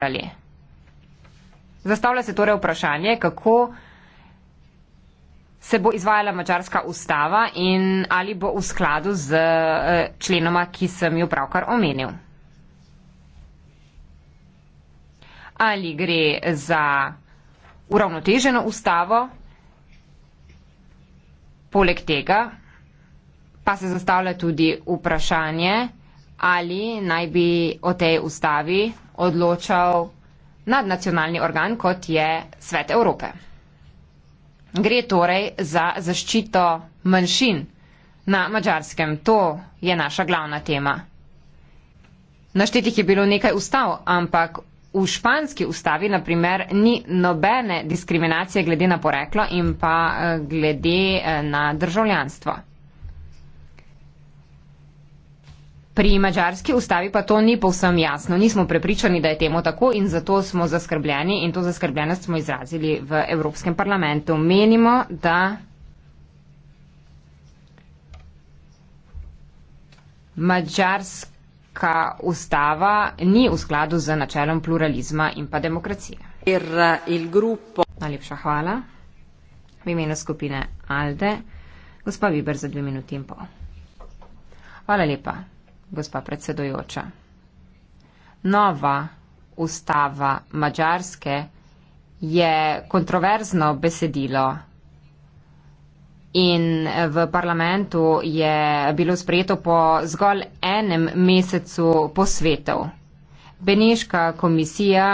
delali. Zastavlja se torej vprašanje, kako se bo izvajala mačarska ustava in ali bo v skladu z eh, členoma, ki sem jo pravkar omenil. Ali gre za uravnoteženo ustavo, poleg tega pa se zastavlja tudi vprašanje, ali naj bi o tej ustavi odločal nadnacionalni organ, kot je Svet Evrope. Gre torej za zaščito manjšin na mačarskem. To je naša glavna tema. Naštetih je bilo nekaj ustav, ampak v španski ustavi, naprimer, ni nobene diskriminacije glede na poreklo in pa eh, glede eh, na državljanstvo. Pri mađarski ustavi pa to ni povsem jasno. Nismo prepričani, da je temu tako in zato smo zaskrbljeni in to zaskrbljenost smo izrazili v Evropskem parlamentu. Menimo, da. Mađarska ustava ni v skladu z načelom pluralizma in pa demokracije. Najlepša hvala. V imenu skupine Alde, gospa Viber za dve minuti in pol. Hvala lepa gospa predsedojoča. Nova ustava Mačarske je kontroverzno besedilo in v parlamentu je bilo sprejeto po zgolj enem mesecu posvetov. Beneška komisija